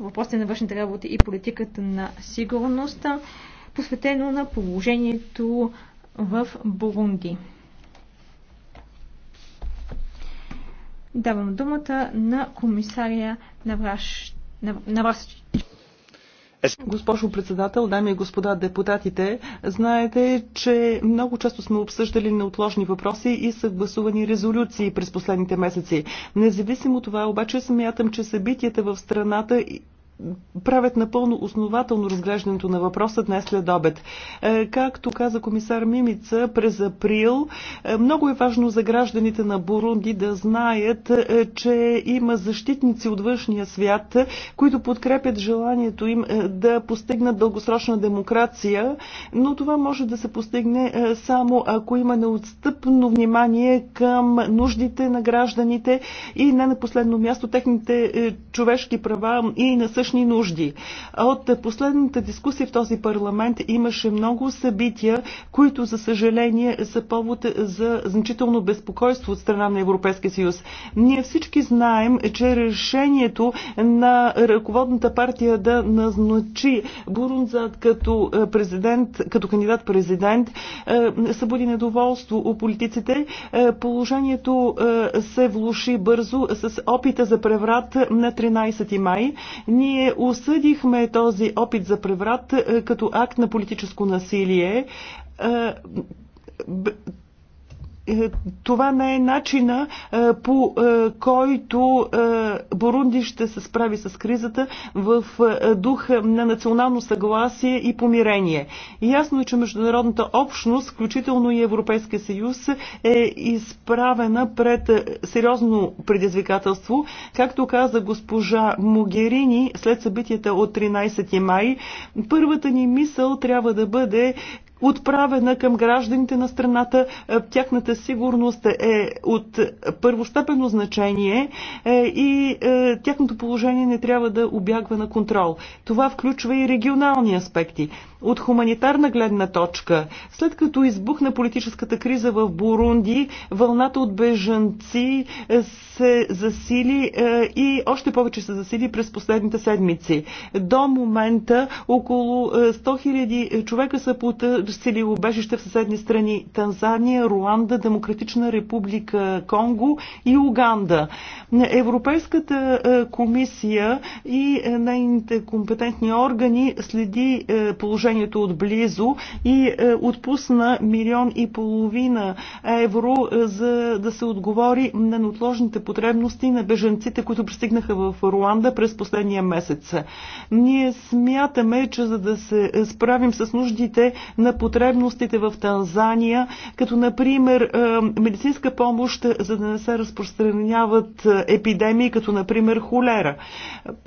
въпросите на външните работи и политиката на сигурността, посветено на положението в Бурунди. Давам думата на комисария Навраш, Навраш Госпожо председател, дами и господа депутатите, знаете, че много често сме обсъждали неотложни въпроси и съгласувани резолюции през последните месеци. Независимо това, обаче смятам, че събитията в страната правят напълно основателно разглеждането на въпроса днес след обед. Е, както каза комисар Мимица, през април е, много е важно за гражданите на Бурунди да знаят, е, че има защитници от външния свят, които подкрепят желанието им да постигнат дългосрочна демокрация, но това може да се постигне само ако има неотстъпно внимание към нуждите на гражданите и не на последно място техните човешки права и на същите спешни нужди. От последната дискусия в този парламент имаше много събития, които за съжаление са повод за значително безпокойство от страна на Европейския съюз. Ние всички знаем, че решението на ръководната партия да назначи Бурунзад като е, президент, като кандидат-президент е, събуди недоволство у политиците. Е, положението се влуши бързо с опита за преврат на 13 май. Ние ние осъдихме този опит за преврат е, като акт на политическо насилие е, това не е начина е, по е, който е, Бурунди ще се справи с кризата в дух на национално съгласие и помирение. Ясно е, че международната общност, включително и Европейския съюз, е изправена пред сериозно предизвикателство. Както каза госпожа Могерини след събитията от 13 май, първата ни мисъл трябва да бъде, отправена към гражданите на страната. Е, тяхната сигурност е от първостепенно значение е, и е, тяхното положение не трябва да обягва на контрол. Това включва и регионални аспекти от хуманитарна гледна точка, след като избухна политическата криза в Бурунди, вълната от бежанци е, се засили е, и още повече се засили през последните седмици. До момента около 100 е, 000 човека са потърсили убежище в съседни страни Танзания, Руанда, Демократична република Конго и Уганда. Европейската комисия и нейните компетентни органи следи положението положението отблизо и е, отпусна милион и половина евро, е, за да се отговори на неотложните потребности на беженците, които пристигнаха в Руанда през последния месец. Ние смятаме, че за да се е, справим с нуждите на потребностите в Танзания, като например медицинска помощ, за да не се разпространяват епидемии, като например холера.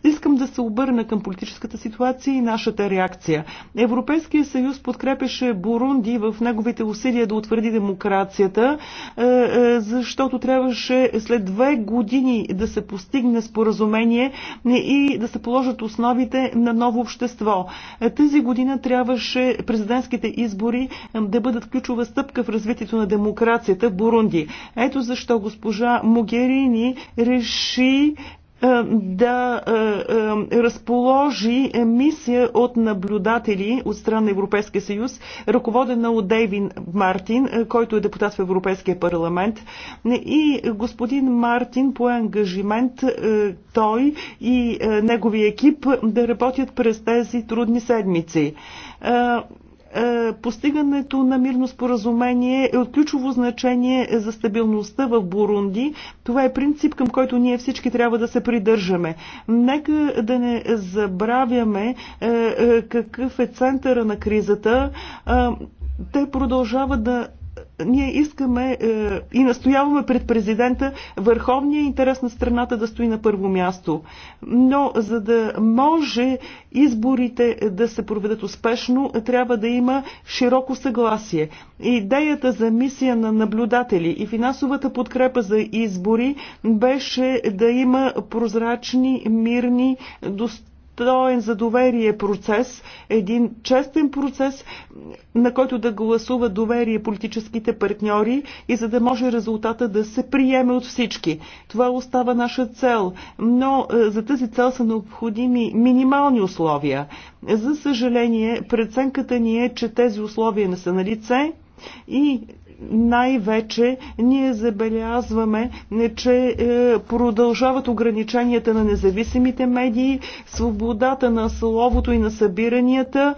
Искам да се обърна към политическата ситуация и нашата реакция. Европейския съюз подкрепеше Бурунди в неговите усилия да утвърди демокрацията, е, е, защото трябваше след две години да се постигне споразумение и да се положат основите на ново общество. Е, тази година трябваше президентските избори да бъдат ключова стъпка в развитието на демокрацията в Бурунди. Ето защо госпожа Могерини реши е, да е, е, разположи мисия от наблюдатели от страна на Европейския съюз, ръководена от Дейвин Мартин, който е депутат в Европейския парламент. И господин Мартин по ангажимент той и неговия екип да работят през тези трудни седмици. Е, постигането на мирно споразумение е от ключово значение за стабилността в Бурунди. Това е принцип, към който ние всички трябва да се придържаме. Нека да не забравяме е, е, какъв е центъра на кризата. Те продължават да ние искаме е, и настояваме пред президента върховния интерес на страната да стои на първо място. Но за да може изборите да се проведат успешно, трябва да има широко съгласие. Идеята за мисия на наблюдатели и финансовата подкрепа за избори беше да има прозрачни, мирни, достатъчни настроен за доверие процес, един честен процес, на който да гласува доверие политическите партньори и за да може резултата да се приеме от всички. Това остава наша цел, но е, за тази цел са необходими минимални условия. За съжаление, преценката ни е, че тези условия не са на лице и най-вече ние забелязваме, че е, продължават ограниченията на независимите медии, свободата на словото и на събиранията,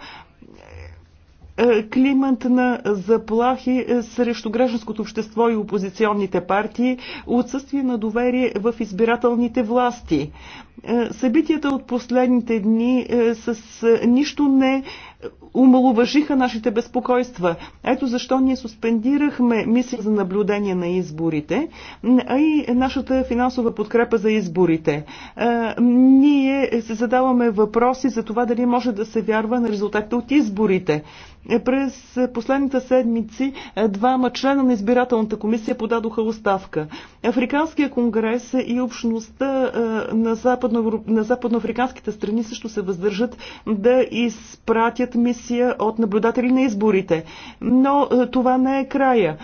е, климат на заплахи е, срещу гражданското общество и опозиционните партии, отсъствие на доверие в избирателните власти. Събитията от последните дни с нищо не умалуважиха нашите безпокойства. Ето защо ние суспендирахме мисли за наблюдение на изборите, а и нашата финансова подкрепа за изборите. Ние се задаваме въпроси за това дали може да се вярва на резултатите от изборите. Е, през последните седмици е, двама члена на избирателната комисия подадоха оставка. Африканския конгрес и общността е, на, западноафриканските страни също се въздържат да изпратят мисли комисия от наблюдатели на изборите. Но е, това не е края.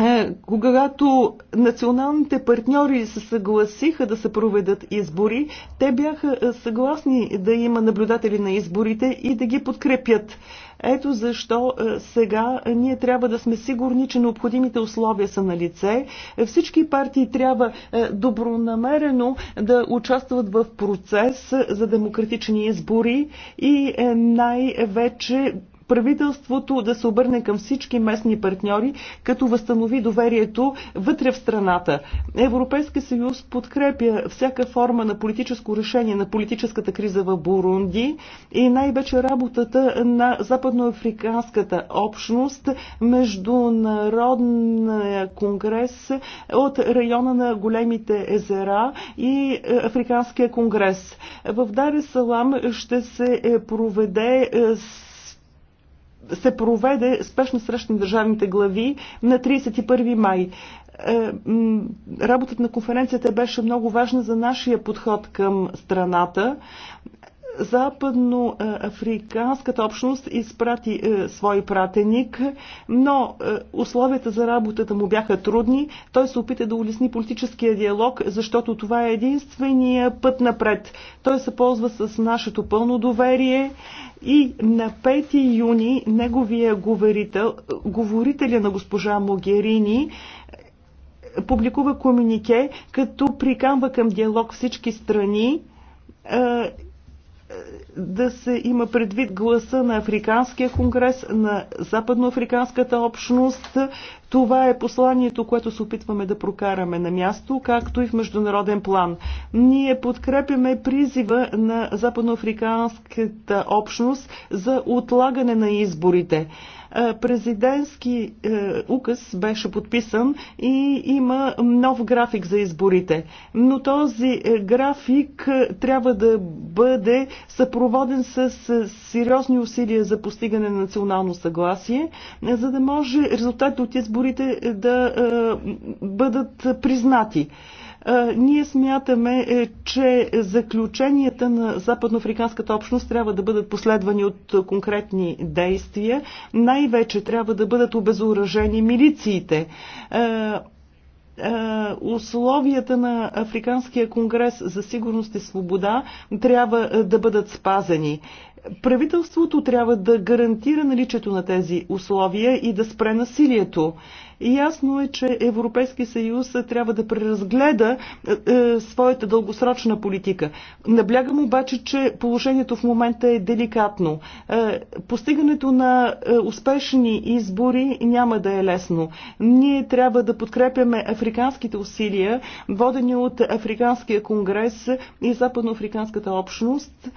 Е, когато националните партньори се съгласиха да се проведат избори, те бяха е, съгласни да има наблюдатели на изборите и да ги подкрепят. Ето защо е, сега ние трябва да сме сигурни, че необходимите условия са на лице. Всички партии трябва добронамерено да участват в процес за демократични избори и най-вече правителството да се обърне към всички местни партньори, като възстанови доверието вътре в страната. Европейски съюз подкрепя всяка форма на политическо решение на политическата криза в Бурунди и най-вече работата на западноафриканската общност, Международния конгрес от района на големите езера и Африканския конгрес. В Даре Салам ще се проведе се проведе спешно среща на държавните глави на 31 май. Е, работата на конференцията беше много важна за нашия подход към страната. Западноафриканската е, общност изпрати е, свой пратеник, но е, условията за работата му бяха трудни. Той се опита да улесни политическия диалог, защото това е единствения път напред. Той се ползва с нашето пълно доверие и на 5 юни неговия говорител, говорителя на госпожа Могерини публикува комюнике, като приканва към диалог всички страни е, да се има предвид гласа на Африканския конгрес, на Западноафриканската общност. Това е посланието, което се опитваме да прокараме на място, както и в международен план. Ние подкрепяме призива на Западноафриканската общност за отлагане на изборите. Е, президентски е, указ беше подписан и има нов график за изборите. Но този е, график трябва да бъде съпроводен с сериозни усилия за постигане на национално съгласие, за да може резултатите от изборите да бъдат признати. Ние смятаме, е, че заключенията на Западноафриканската общност трябва да бъдат последвани от конкретни действия. Най-вече трябва да бъдат обезоръжени милициите условията на Африканския конгрес за сигурност и свобода трябва е, да бъдат спазени. Правителството трябва да гарантира наличието на тези условия и да спре насилието. Ясно е, че Европейски съюз трябва да преразгледа е, е, своята дългосрочна политика. Наблягам обаче, че положението в момента е деликатно. Е, постигането на е, успешни избори няма да е лесно. Ние трябва да подкрепяме африканските усилия, водени от Африканския конгрес и Западноафриканската общност.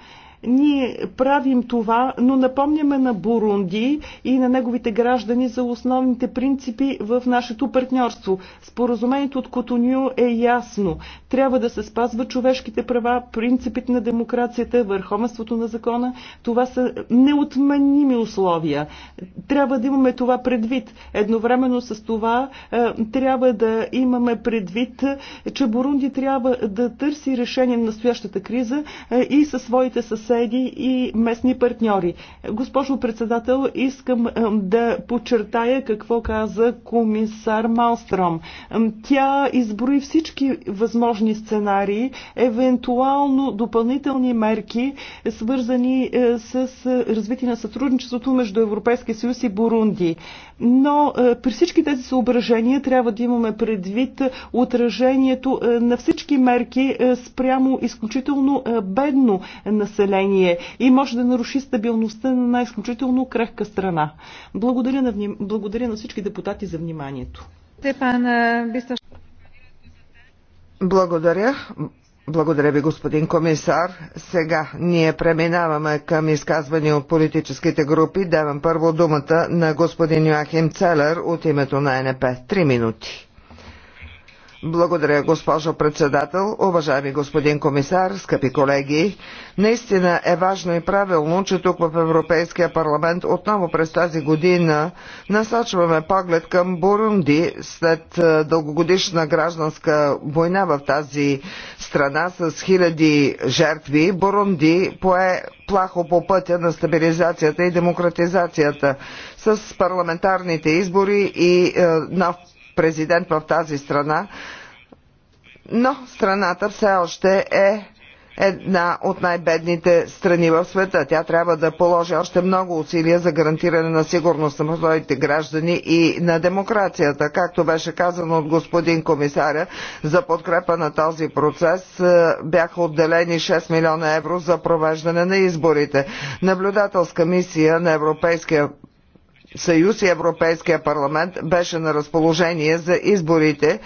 Ние правим това, но напомняме на Бурунди и на неговите граждани за основните принципи в нашето партньорство. Споразумението от Котоню е ясно. Трябва да се спазва човешките права, принципите на демокрацията, върховенството на закона. Това са неотменими условия. Трябва да имаме това предвид. Едновременно с това е, трябва да имаме предвид, че Бурунди трябва да търси решение на настоящата криза е, и със своите съседи съседи и местни партньори. Госпожо председател, искам е, да подчертая какво каза комисар Малстром. Е, тя изброи всички възможни сценарии, евентуално допълнителни мерки, свързани е, с развитие на сътрудничеството между Европейския съюз и Бурунди. Но при всички тези съображения трябва да имаме предвид отражението на всички мерки спрямо изключително бедно население население и може да наруши стабилността на най изключително крехка страна. Благодаря на, вним... Благодаря на всички депутати за вниманието. Благодаря. Благодаря ви, господин комисар. Сега ние преминаваме към изказвания от политическите групи. Давам първо думата на господин Йоахим Целер от името на НП. Три минути. Благодаря, госпожо председател, уважаеми господин комисар, скъпи колеги. Наистина е важно и правилно, че тук в Европейския парламент отново през тази година насочваме поглед към Бурунди след е, дългогодишна гражданска война в тази страна с хиляди жертви. Бурунди пое плахо по пътя на стабилизацията и демократизацията с парламентарните избори и е, нов президент в тази страна, но страната все още е една от най-бедните страни в света. Тя трябва да положи още много усилия за гарантиране на сигурност на своите граждани и на демокрацията. Както беше казано от господин комисаря, за подкрепа на този процес е, бяха отделени 6 милиона евро за провеждане на изборите. Наблюдателска мисия на Европейския съюз и Европейския парламент беше на разположение за изборите.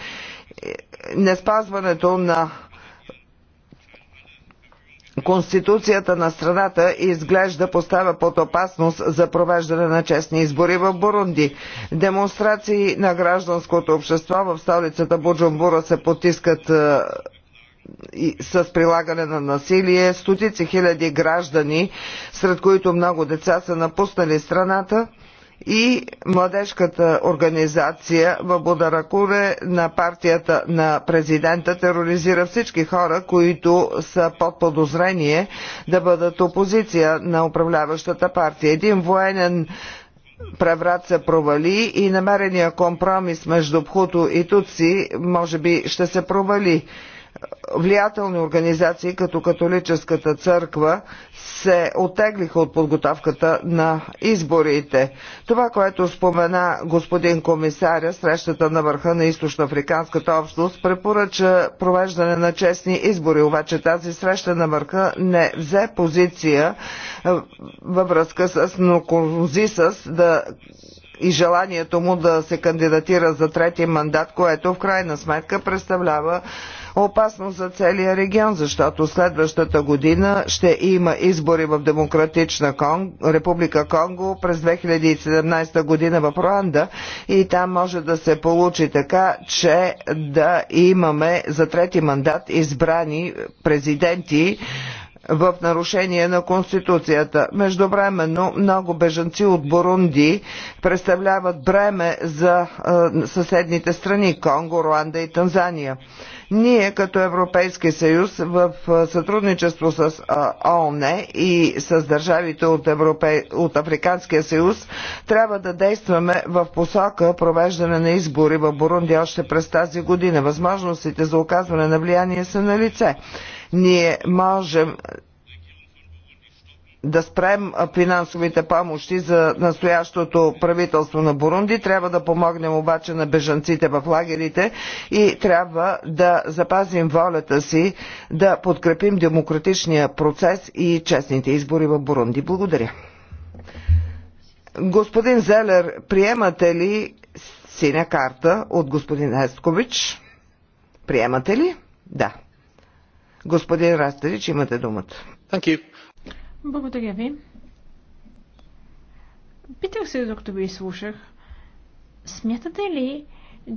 Неспазването на Конституцията на страната изглежда поставя под опасност за провеждане на честни избори в Бурунди. Демонстрации на гражданското общество в столицата Буджумбура се потискат е, с прилагане на насилие. Стотици хиляди граждани, сред които много деца, са напуснали страната и младежката организация в Бударакуре на партията на президента тероризира всички хора, които са под подозрение да бъдат опозиция на управляващата партия. Един военен преврат се провали и намерения компромис между Пхуто и Туци може би ще се провали влиятелни организации като католическата църква се отеглиха от подготовката на изборите. Това, което спомена господин комисаря, срещата на върха на източноафриканската общност препоръча провеждане на честни избори, обаче тази среща на върха не взе позиция е, във връзка с Ноконзисъс да и желанието му да се кандидатира за трети мандат, което в крайна сметка представлява опасно за целия регион, защото следващата година ще има избори в Демократична Конг, Република Конго през 2017 година в Руанда и там може да се получи така, че да имаме за трети мандат избрани президенти в нарушение на Конституцията. Междувременно много бежанци от Бурунди представляват бреме за е, съседните страни Конго, Руанда и Танзания. Ние като Европейски съюз в сътрудничество с ООН и с държавите от, Европей... от Африканския съюз трябва да действаме в посока провеждане на избори в Бурунди още през тази година. Възможностите за оказване на влияние са на лице. Ние можем да спрем финансовите помощи за настоящото правителство на Бурунди. Трябва да помогнем обаче на бежанците в лагерите и трябва да запазим волята си да подкрепим демократичния процес и честните избори в Бурунди. Благодаря. Господин Зелер, приемате ли синя карта от господин Ескович? Приемате ли? Да. Господин Растерич, имате думата. Благодаря ви. Питах се, докато ви слушах, смятате ли,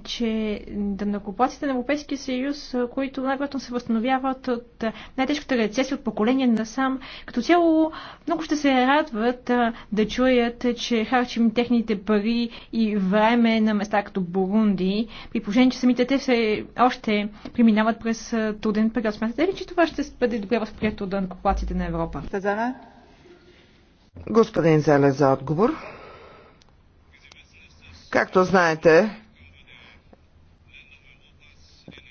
че дънакоплаците на Европейския съюз, които най-вероятно се възстановяват от най-тежката рецесия от поколение насам, като цяло много ще се радват да чуят, че харчим техните пари и време на места като Бурунди, при положение, че самите те все още преминават през труден период. Смятате ли, че това ще бъде добре възприето от дънакоплаците на Европа? Господин Зеле за отговор. Както знаете,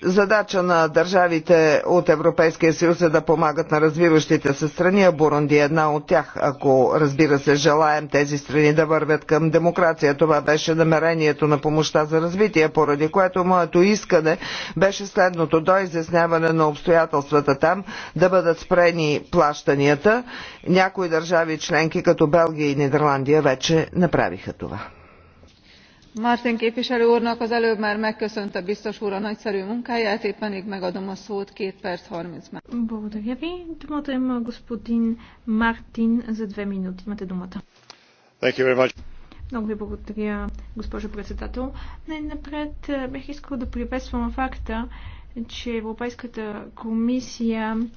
Задача на държавите от Европейския съюз е да помагат на развиващите се страни, а Бурунди е една от тях. Ако, разбира се, желаем тези страни да вървят към демокрация, това беше намерението на помощта за развитие, поради което моето искане беше следното до изясняване на обстоятелствата там да бъдат спрени плащанията. Някои държави членки, като Белгия и Нидерландия, вече направиха това martin képviselő úrnak az előbb már megköszönte biztos úr a nagyszerű munkáját épp pedig megadom a szót két perc harminc másodperc. Много ви благодаря, госпожо председател. Най-напред бих искал да приветствам факта, че Европейската комисия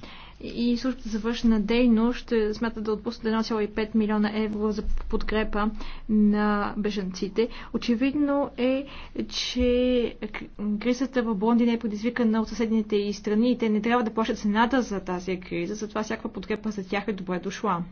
и службата за външна дейност ще смятат да отпуснат 1,5 милиона евро за подкрепа на бежанците. Очевидно е, че кризата в не е предизвикана от съседните и страни и те не трябва да плащат цената за тази криза, затова всякаква подкрепа за тях е добре дошла.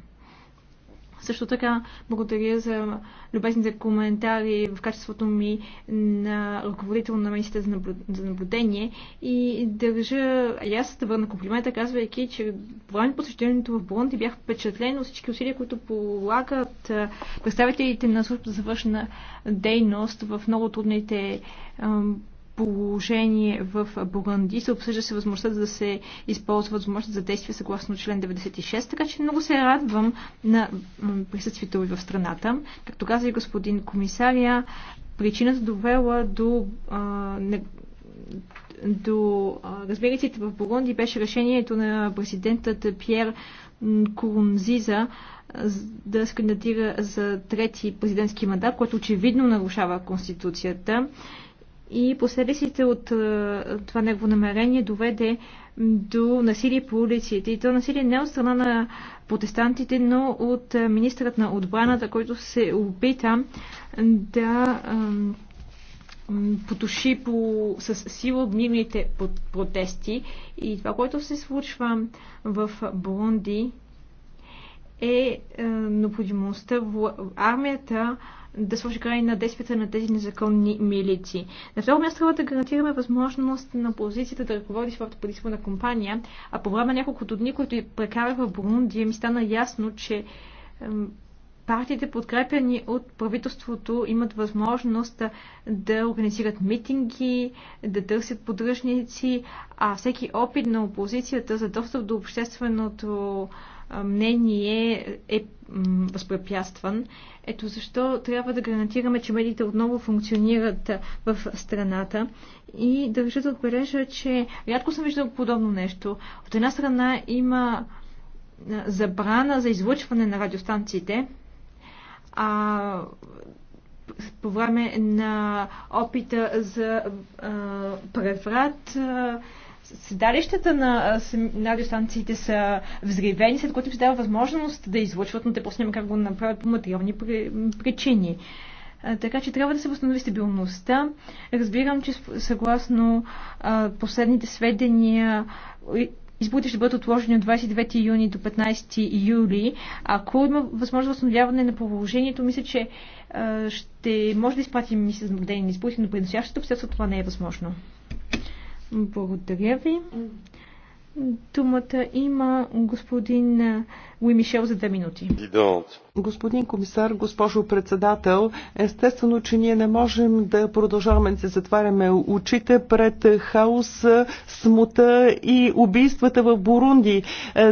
Също така благодаря за любезните коментари в качеството ми на ръководител на мисията за, наблю... за наблюдение и държа и аз да върна комплимента, казвайки, че по време посещението в Бурунди бях впечатлен от всички усилия, които полагат представителите на службата за вършна дейност в много трудните положение в Бурунди. Се обсъжда се възможността да се използва възможност за действие съгласно член 96, така че много се радвам на присъствието ви в страната. Както каза и господин комисаря, причината довела до а, не, до разбириците в Бурунди беше решението на президентът Пьер Курунзиза да се кандидатира за трети президентски мандат, който очевидно нарушава Конституцията и последиците от е, това негово намерение доведе до насилие по улиците. И то насилие не от страна на протестантите, но от е, министърът на отбраната, който се опита да потуши по, с сила мирните протести. И това, което се случва в Бурунди, е, е, необходимостта в армията да сложи край на действията на тези незаконни милици. На второ място трябва да гарантираме възможност на опозицията да ръководи своята предизборна компания, а по време на няколкото дни, които прекарах в Бурунди, ми стана ясно, че партиите, подкрепени от правителството, имат възможност да организират митинги, да търсят поддръжници, а всеки опит на опозицията за достъп до общественото мнение е възпрепятстван. Ето защо трябва да гарантираме, че медиите отново функционират в страната и държа да отбележа, че рядко съм виждал подобно нещо. От една страна има забрана за излъчване на радиостанциите, а по време на опита за а, преврат а, седалищата на, радиостанциите са взривени, след което се дава възможност да излъчват, но те после няма как го направят по материални причини. Така че трябва да се възстанови стабилността. Разбирам, че съгласно последните сведения изборите ще бъдат отложени от 29 юни до 15 юли. Ако има възможност възстановяване на положението, мисля, че ще може да изпратим мисля за наблюдение на изборите, но при настоящото обстоятелство това не е възможно. Благодаря ви. Думата има господин Луи Мишел за две минути. Господин комисар, госпожо председател, естествено, че ние не можем да продължаваме да се затваряме очите пред хаос, смута и убийствата в Бурунди.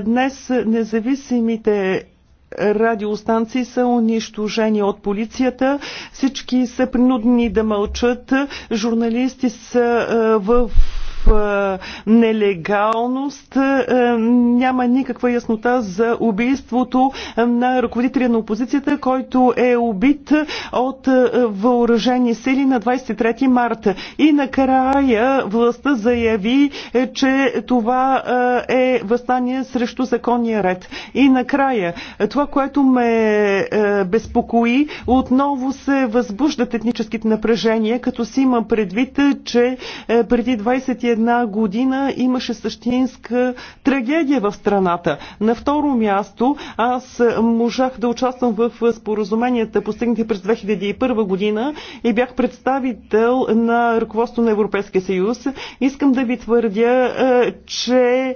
Днес независимите радиостанции са унищожени от полицията. Всички са принудени да мълчат. Журналисти са е, в е, нелегалност. Е, няма никаква яснота за убийството на ръководителя на опозицията, който е убит от е, въоръжени сили на 23 марта. И накрая властта заяви, че това е възстание срещу законния ред. И накрая, това, което ме безпокои, отново се възбуждат етническите напрежения, като си има предвид, че преди 21 една година имаше същинска трагедия в страната. На второ място аз можах да участвам в споразуменията, постигнати през 2001 година и бях представител на ръководство на Европейския съюз. Искам да ви твърдя, е, че е,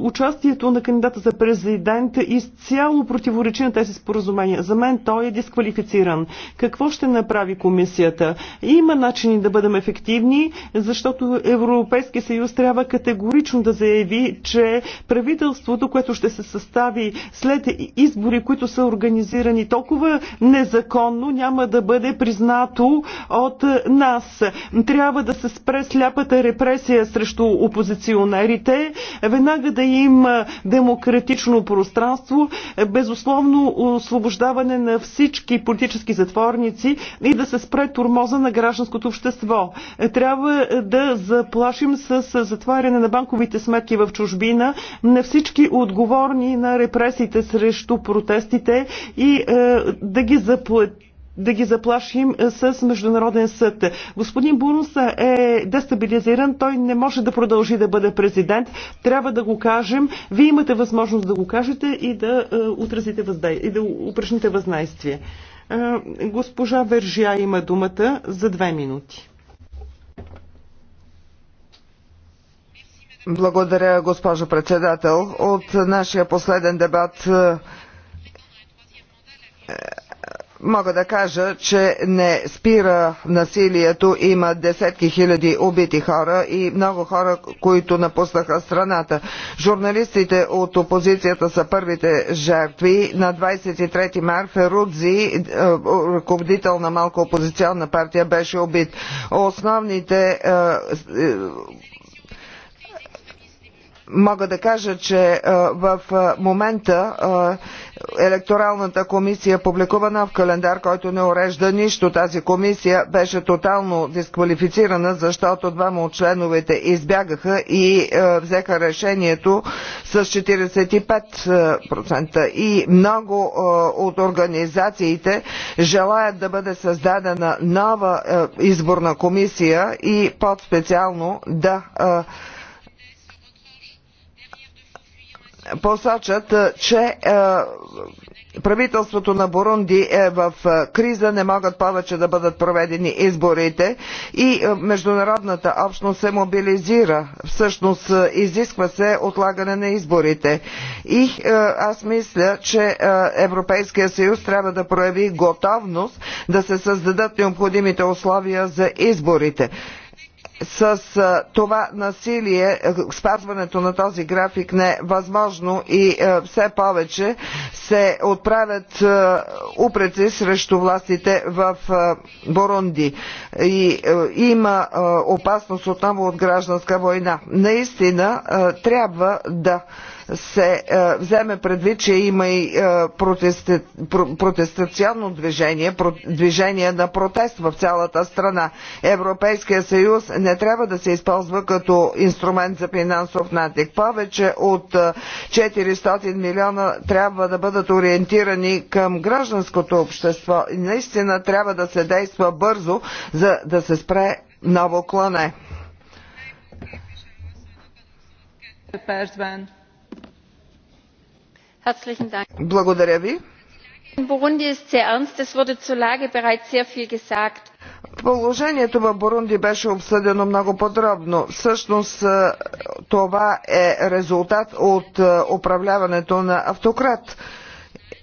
участието на кандидата за президент изцяло противоречи на тези споразумения. За мен той е дисквалифициран. Какво ще направи комисията? Има начини да бъдем ефективни, защото Европейския съюз трябва категорично да заяви, че правителството, което ще се състави след избори, които са организирани толкова незаконно, няма да бъде признато от нас. Трябва да се спре сляпата репресия срещу опозиционерите, веднага да има демократично пространство, безусловно освобождаване на всички политически затворници и да се спре турмоза на гражданското общество. Трябва да заплашим с затваряне на банковите сметки в чужбина на всички отговорни на репресиите срещу протестите и е, да ги заплатим да ги заплашим е, с Международен съд. Господин Бунус е дестабилизиран, той не може да продължи да бъде президент. Трябва да го кажем. Вие имате възможност да го кажете и да е, отразите въздей... и да упражните възнайствие. Госпожа Вержия има думата за две минути. Благодаря, госпожо председател. От нашия последен дебат е, мога да кажа, че не спира насилието. Има десетки хиляди убити хора и много хора, които напуснаха страната. Журналистите от опозицията са първите жертви. На 23 марта Ферудзи, е, ръководител на малко опозиционна партия, беше убит. Основните е, мога да кажа, че в момента електоралната комисия публикува нов календар, който не урежда нищо. Тази комисия беше тотално дисквалифицирана, защото двама от членовете избягаха и взеха решението с 45%. И много от организациите желаят да бъде създадена нова изборна комисия и по-специално да посочат, е, че е, правителството на Бурунди е в е, криза, не могат повече да бъдат проведени изборите и международната общност се мобилизира. Всъщност изисква се отлагане на изборите. И аз мисля, че Европейския съюз трябва да прояви готовност да се създадат необходимите условия за изборите с това насилие е, спазването на този график не е възможно и е, все повече се отправят е, упреци срещу властите в Бурунди. И има опасност отново от гражданска война. Наистина трябва да се вземе предвид, че има и протестационно движение, движение на протест в цялата страна. Европейския съюз не трябва да се използва като инструмент за финансов натик. Повече от 400 милиона трябва да бъдат ориентирани към гражданското общество. И наистина трябва да се действа бързо, за да се спре ново клане. Percben благодаря ви. Положението в Бурунди беше обсъдено много подробно. Всъщност е, това е резултат от е, управляването на автократ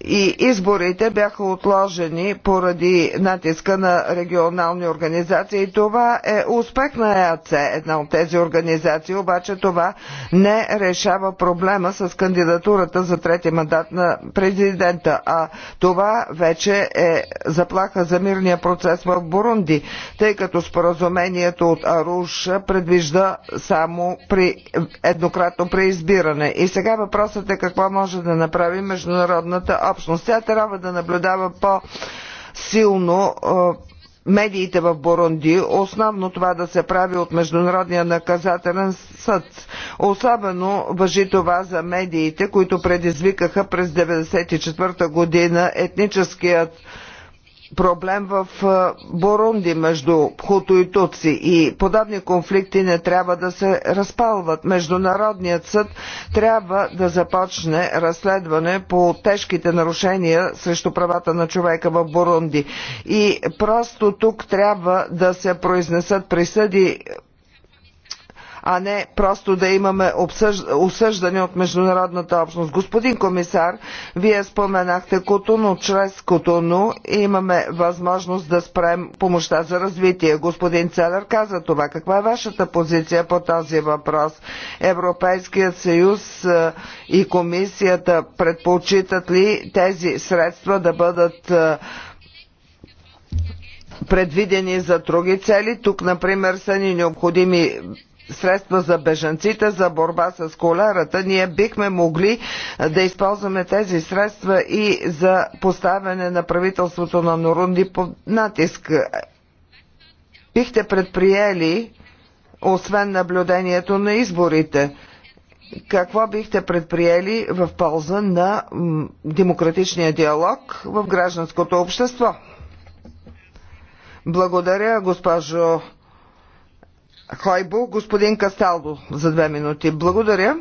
и изборите бяха отложени поради натиска на регионални организации. Това е успех на ЕАЦ, една от тези организации, обаче това не решава проблема с кандидатурата за трети мандат на президента, а това вече е заплаха за мирния процес в Бурунди, тъй като споразумението от Аруш предвижда само при еднократно преизбиране. И сега въпросът е какво може да направи международната общност. Тя трябва да наблюдава по-силно медиите в Бурунди, основно това да се прави от Международния наказателен съд. Особено въжи това за медиите, които предизвикаха през 1994 година етническият проблем в Бурунди между хуто и туци и подобни конфликти не трябва да се разпалват. Международният съд трябва да започне разследване по тежките нарушения срещу правата на човека в Бурунди. И просто тук трябва да се произнесат присъди а не просто да имаме осъждане от международната общност. Господин комисар, вие споменахте Котуно. Чрез Котуно имаме възможност да спрем помощта за развитие. Господин Целър каза това. Каква е вашата позиция по този въпрос? Европейският съюз и комисията предпочитат ли тези средства да бъдат предвидени за други цели. Тук, например, са ни необходими средства за бежанците, за борба с колерата, ние бихме могли е, да използваме тези средства и за поставяне на правителството на Норунди под натиск. Бихте предприели, освен наблюдението на изборите, какво бихте предприели в полза на демократичния диалог в гражданското общество? Благодаря, госпожо Хойбо, господин Касталдо за две минути. Благодаря.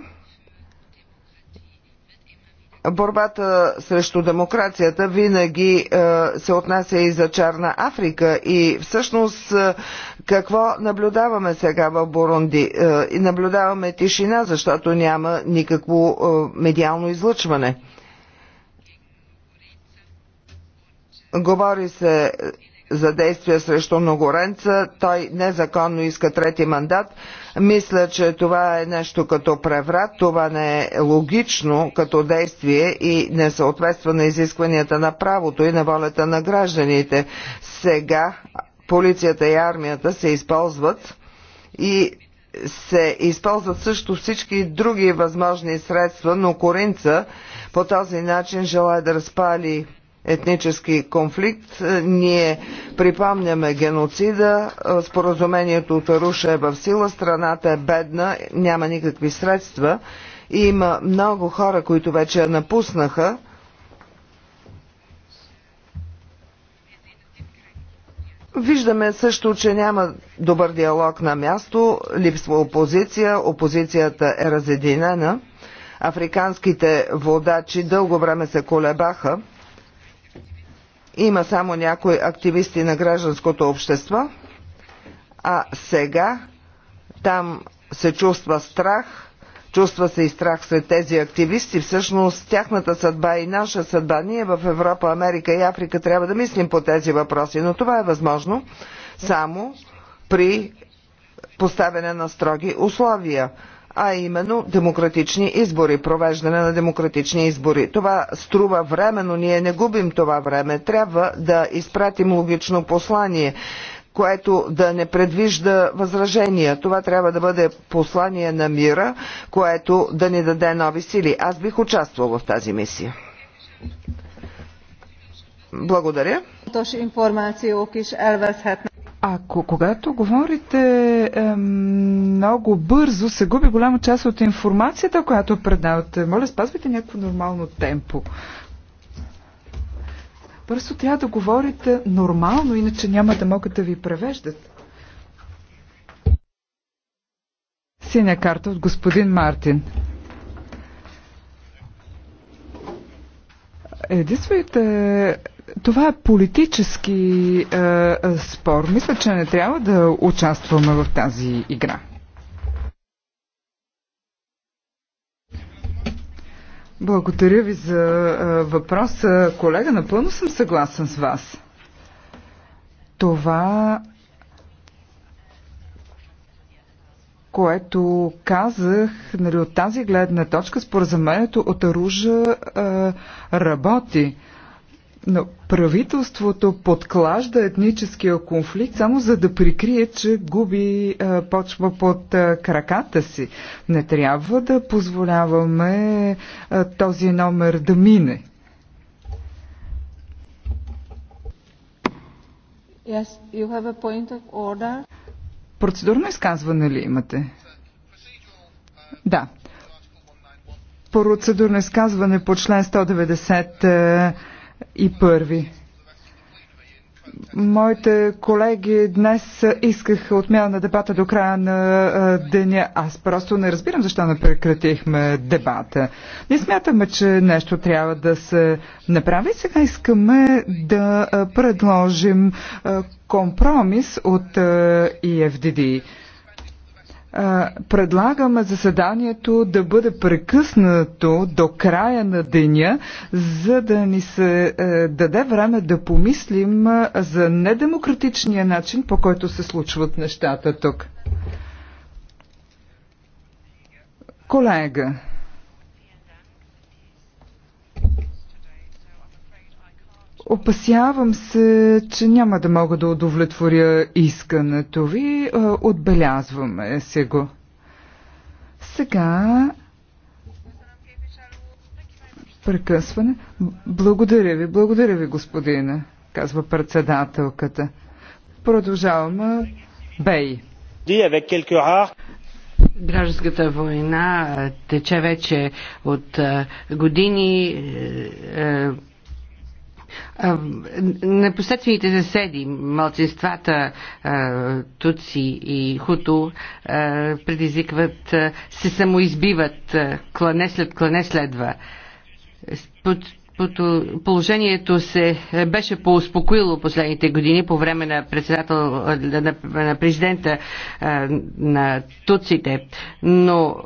Борбата срещу демокрацията винаги е, се отнася и за Чарна Африка и всъщност е, какво наблюдаваме сега в Бурунди? Е, и наблюдаваме тишина, защото няма никакво е, медиално излъчване. Говори се за действия срещу Многоренца. Той незаконно иска трети мандат. Мисля, че това е нещо като преврат. Това не е логично като действие и не съответства на изискванията на правото и на волята на гражданите. Сега полицията и армията се използват и се използват също всички други възможни средства, но Коринца по този начин желая да разпали етнически конфликт. Е, ние припомняме геноцида, е, споразумението от Аруша е в сила, страната е бедна, няма никакви средства и има много хора, които вече я напуснаха. Виждаме също, че няма добър диалог на място, липсва опозиция, опозицията е разединена. Африканските водачи дълго време се колебаха. Има само някои активисти на гражданското общество, а сега там се чувства страх, чувства се и страх сред тези активисти. Всъщност тяхната съдба и наша съдба, ние в Европа, Америка и Африка трябва да мислим по тези въпроси, но това е възможно само при поставяне на строги условия а именно демократични избори, провеждане на демократични избори. Това струва време, но ние не губим това време. Трябва да изпратим логично послание което да не предвижда възражения. Това трябва да бъде послание на мира, което да ни даде нови сили. Аз бих участвал в тази мисия. Благодаря. Ако когато говорите е, много бързо, се губи голяма част от информацията, която предавате. Моля, спазвайте някакво нормално темпо. Просто трябва да говорите нормално, иначе няма да могат да ви превеждат. Синя карта от господин Мартин. Единствените това е политически е, е, спор. Мисля, че не трябва да участваме в тази игра. Благодаря ви за е, въпроса, колега. Напълно съм съгласен с вас. Това което казах, нали, от тази гледна точка, споразумението от Аружа е, работи. Но правителството подклажда етническия конфликт само за да прикрие, че губи а, почва под а, краката си. Не трябва да позволяваме а, този номер да мине. Yes, you have a point of order. Процедурно изказване ли имате? Да. Процедурно изказване по член 190 и първи. Моите колеги днес искаха отмяна на дебата до края на деня. Аз просто не разбирам защо не прекратихме дебата. Не смятаме, че нещо трябва да се направи. Сега искаме да предложим компромис от EFDD предлагаме заседанието да бъде прекъснато до края на деня, за да ни се е, даде време да помислим за недемократичния начин, по който се случват нещата тук. Колега, Опасявам се, че няма да мога да удовлетворя искането ви. Е, отбелязваме се го. Сега прекъсване. Благодаря ви, благодаря ви, господина, казва председателката. Продължаваме. Бей. Гражданската война тече вече от е, години е, Непосредствените заседи, мълцинствата Туци и Хуто предизвикват, се самоизбиват, клане след клане следва. Под положението се беше поуспокоило последните години по време на председател на, президента на туците, но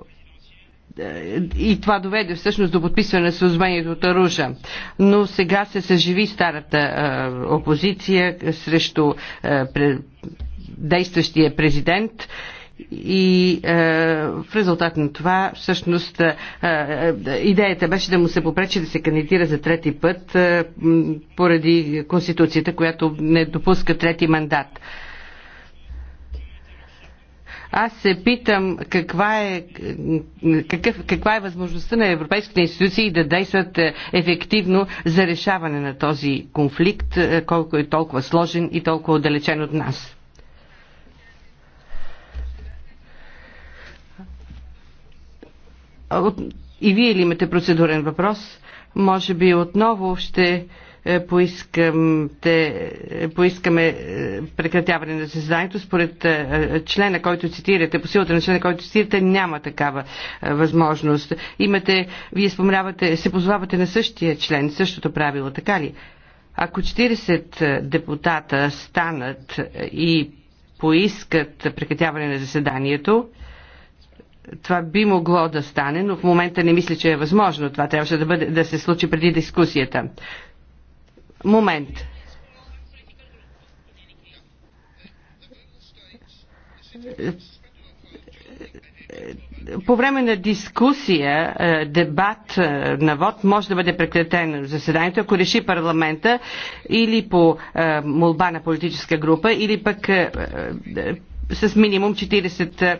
и това доведе всъщност до подписване на споразумението от Аружа. Но сега се съживи старата е, опозиция срещу е, пре, действащия президент и е, в резултат на това всъщност е, е, идеята беше да му се попречи да се кандидира за трети път е, поради Конституцията, която не допуска трети мандат. Е, аз се питам каква е, какъв, каква е възможността на европейските институции да действат е, ефективно за решаване на този конфликт, е, колко е толкова сложен и толкова отдалечен от нас. От... И вие ли имате процедурен въпрос? Може би отново ще е, поискам е, поискаме е, прекратяване на заседанието. Според члена, който цитирате, по силата на члена, който цитирате, няма такава възможност. Имате, вие споменавате, се позовавате на същия член, същото правило, така ли? Ако 40 депутата станат и поискат прекратяване на заседанието, това би могло да стане, но в момента не мисля, че е възможно. Това трябваше да, бъде, да се случи преди дискусията момент. По време на дискусия, е, дебат е, на вод може да бъде в заседанието, ако реши парламента или по е, молба на политическа група, или пък с минимум 40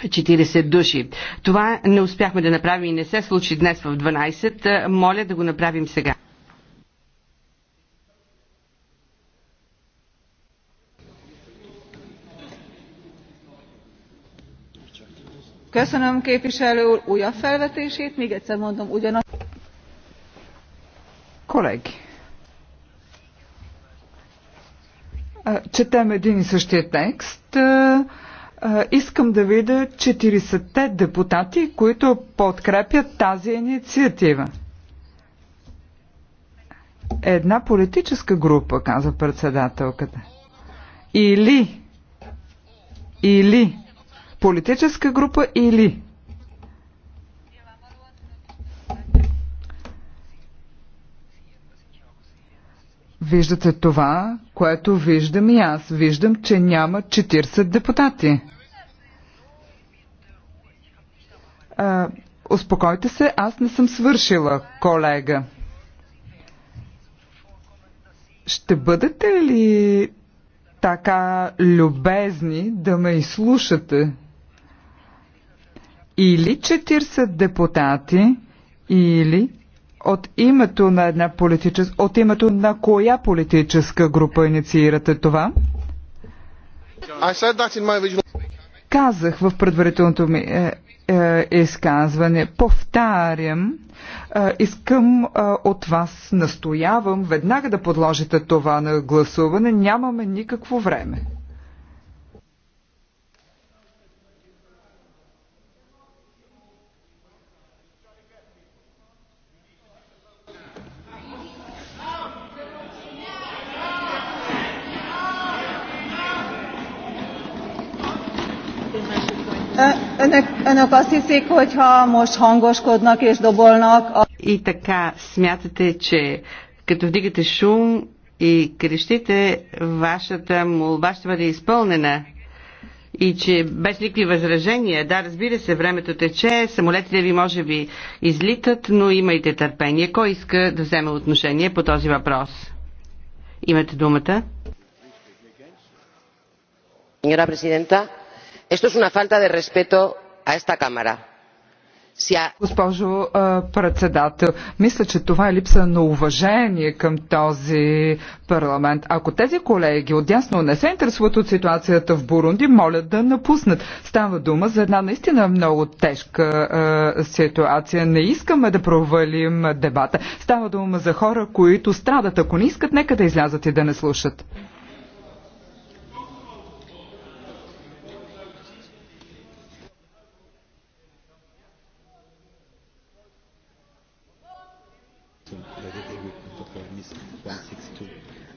40 души. Това не успяхме да направим и не се случи днес в 12. Моля да го направим сега. Köszönöm képviselő úr újabb felvetését, még egyszer mondom Колеги, четем един и същия текст. Е, искам да видя 40-те депутати, които подкрепят тази инициатива. Една политическа група, каза председателката. Или, или политическа група или Виждате това, което виждам и аз. Виждам, че няма 40 депутати. А, успокойте се, аз не съм свършила, колега. Ще бъдете ли така любезни да ме изслушате? или 40 депутати, или от името на една политическа, от името на коя политическа група инициирате това? Original... Казах в предварителното ми е, е, изказване, повтарям, е, искам е, от вас, настоявам веднага да подложите това на гласуване, нямаме никакво време. Önök azt hiszik, most hangoskodnak és dobolnak... И така смятате, че като вдигате шум и крещите, вашата молба ще бъде изпълнена и че без никакви възражения, да, разбира се, времето тече, самолетите ви може би излитат, но имайте търпение. Кой иска да вземе отношение по този въпрос? Имате думата. Señora presidenta, esto es una falta de respeto а esta cámara. Госпожо председател, мисля, че това е липса на уважение към този парламент. Ако тези колеги отясно не се интересуват от ситуацията в Бурунди, моля да напуснат. Става дума за една наистина много тежка е, ситуация. Не искаме да провалим дебата. Става дума за хора, които страдат. Ако не искат, нека да излязат и да не слушат.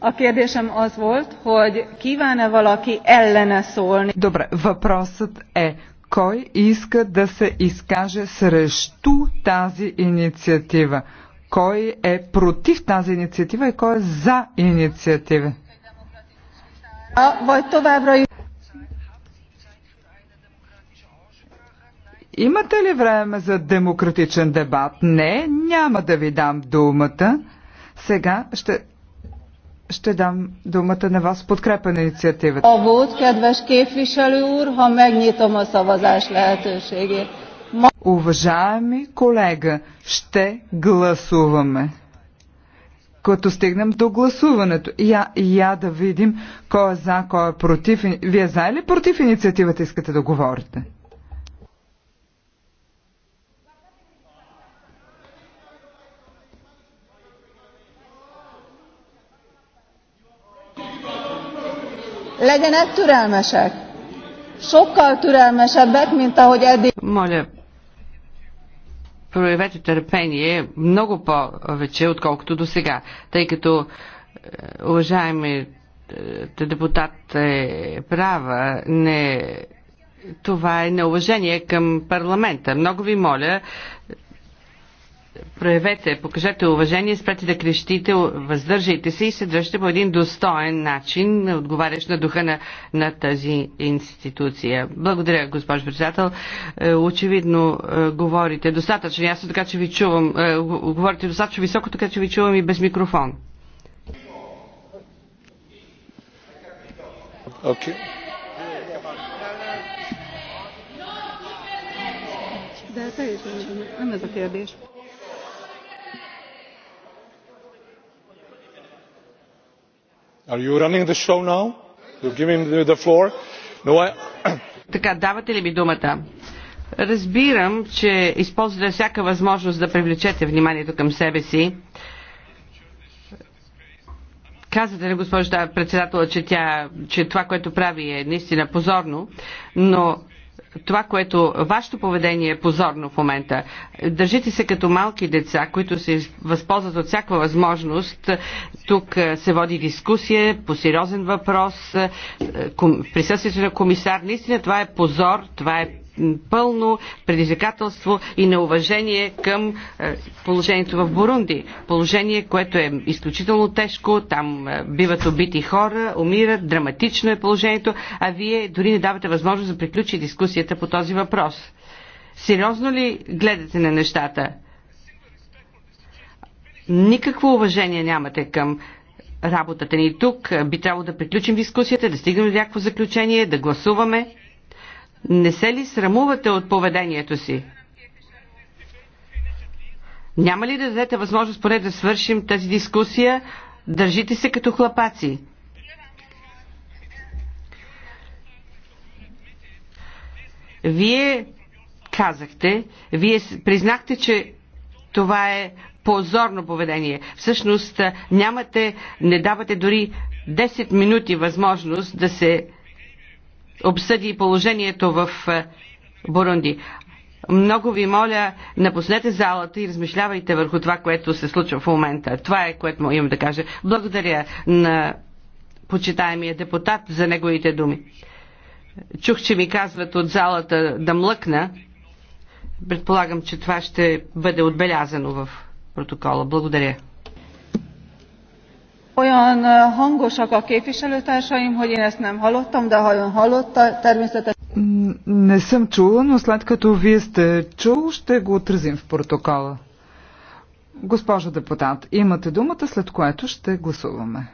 A kérdésem az volt, hogy kíván-e valaki ellene szólni? Добре, въпросът е кой иска да се изкаже срещу тази инициатива? Кой е против тази инициатива и кой е за инициатива? Имате ли време за демократичен дебат? Не, няма да ви дам думата. Сега ще ще дам думата на вас подкрепа на инициативата. Обуд, кефишали ур, ха савазаш Уважаеми колега, ще гласуваме. Като стигнем до гласуването, я, я да видим кой е за, кой е против. Вие за или против инициативата искате да говорите? Legyenek türelmesek. Sokkal türelmesebbek, mint ahogy eddig. Моля, проявете търпение много повече, отколкото до сега, тъй като е, уважаеми е, депутат е права, не това е неуважение към парламента. Много ви моля, проявете, покажете уважение, спрете да крещите, въздържайте се и се дръжте по един достоен начин, отговарящ на духа на, на тази институция. Благодаря, госпожо председател. Е, очевидно е, говорите достатъчно ясно, така че ви чувам. Е, говорите достатъчно високо, така че ви чувам и без микрофон. Okay. да, да, да, да, да, да Are you running the show now? You give him the floor? No, I... Така, давате ли ми думата? Разбирам, че използвате всяка възможност да привлечете вниманието към себе си. Казвате ли, госпожа председател, че, тя, че това, което прави е наистина позорно, но това, което вашето поведение е позорно в момента. Държите се като малки деца, които се възползват от всяка възможност. Тук е, се води дискусия по сериозен въпрос. Е, присъствието на комисар. Наистина това е позор, това е пълно предизвикателство и неуважение към е, положението в Бурунди. Положение, което е изключително тежко, там е, биват убити хора, умират, драматично е положението, а вие дори не давате възможност да приключи дискусията по този въпрос. Сериозно ли гледате на нещата? Никакво уважение нямате към работата ни тук. Би трябвало да приключим дискусията, да стигнем до някакво заключение, да гласуваме. Не се ли срамувате от поведението си? Няма ли да дадете възможност поне да свършим тази дискусия? Държите се като хлапаци. Вие казахте, вие признахте, че това е позорно поведение. Всъщност нямате, не давате дори 10 минути възможност да се обсъди положението в е, Бурунди. Много ви моля, напуснете залата и размишлявайте върху това, което се случва в момента. Това е, което му имам да кажа. Благодаря на почитаемия депутат за неговите думи. Чух, че ми казват от залата да млъкна. Предполагам, че това ще бъде отбелязано в протокола. Благодаря olyan hangosak a képviselőtársaim, hogy én ezt nem hallottam, de ha ön hallotta, természetesen... Не съм чула, но след като вие сте чул, ще го отразим в протокола. Госпожо депутат, имате думата, след което ще гласуваме.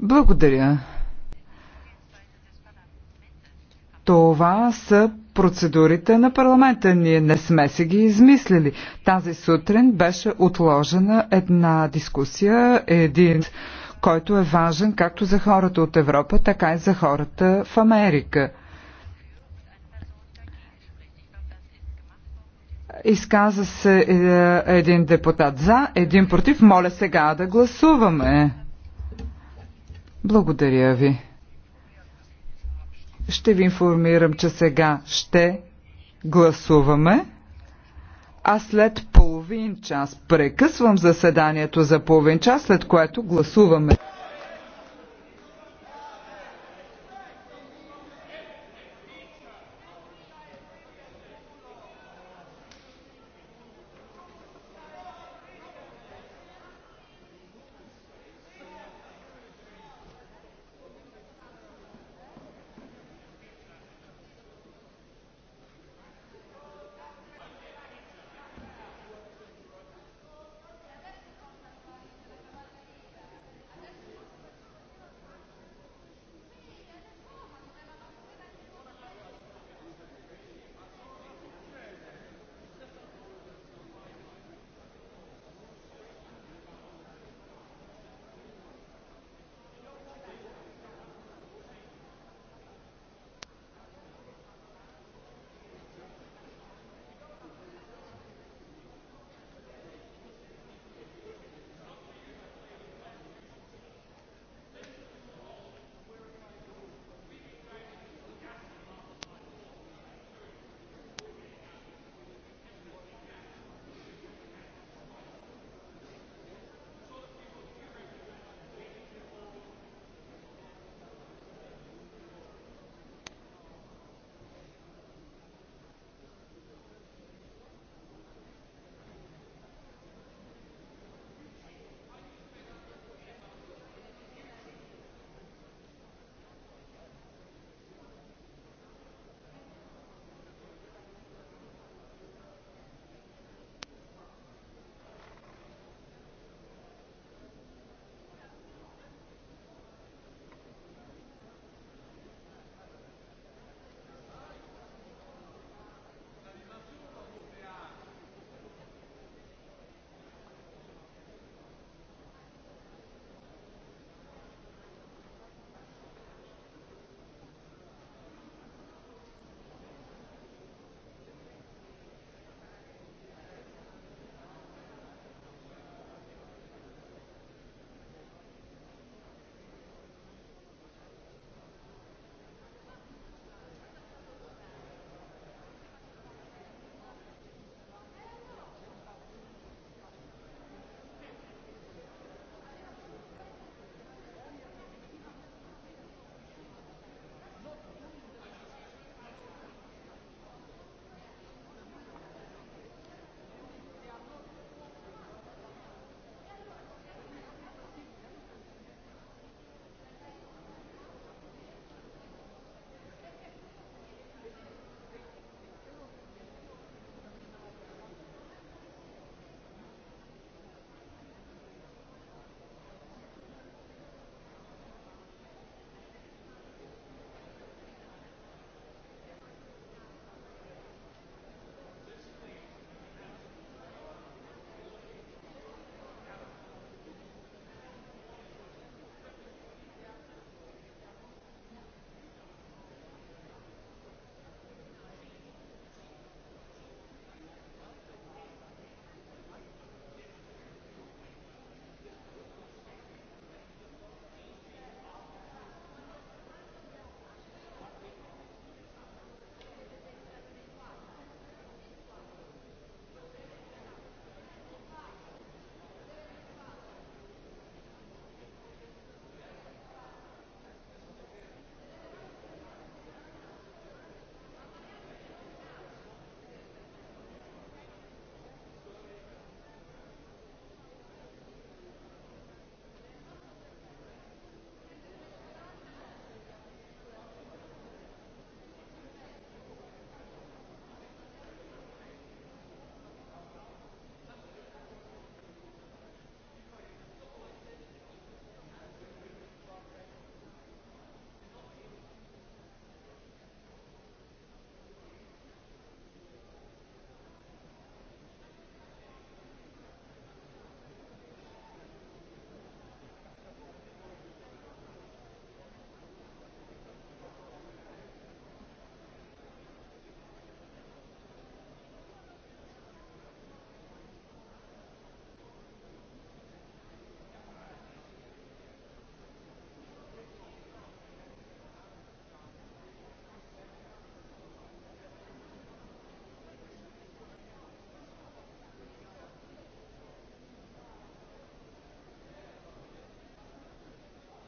Благодаря. Това са процедурите на парламента. Ние не сме се ги измислили. Тази сутрин беше отложена една дискусия, един който е важен както за хората от Европа, така и за хората в Америка. Изказа се е, един депутат за, един против. Моля сега да гласуваме. Благодаря ви. Ще ви информирам, че сега ще гласуваме, а след половин час прекъсвам заседанието за половин час, след което гласуваме.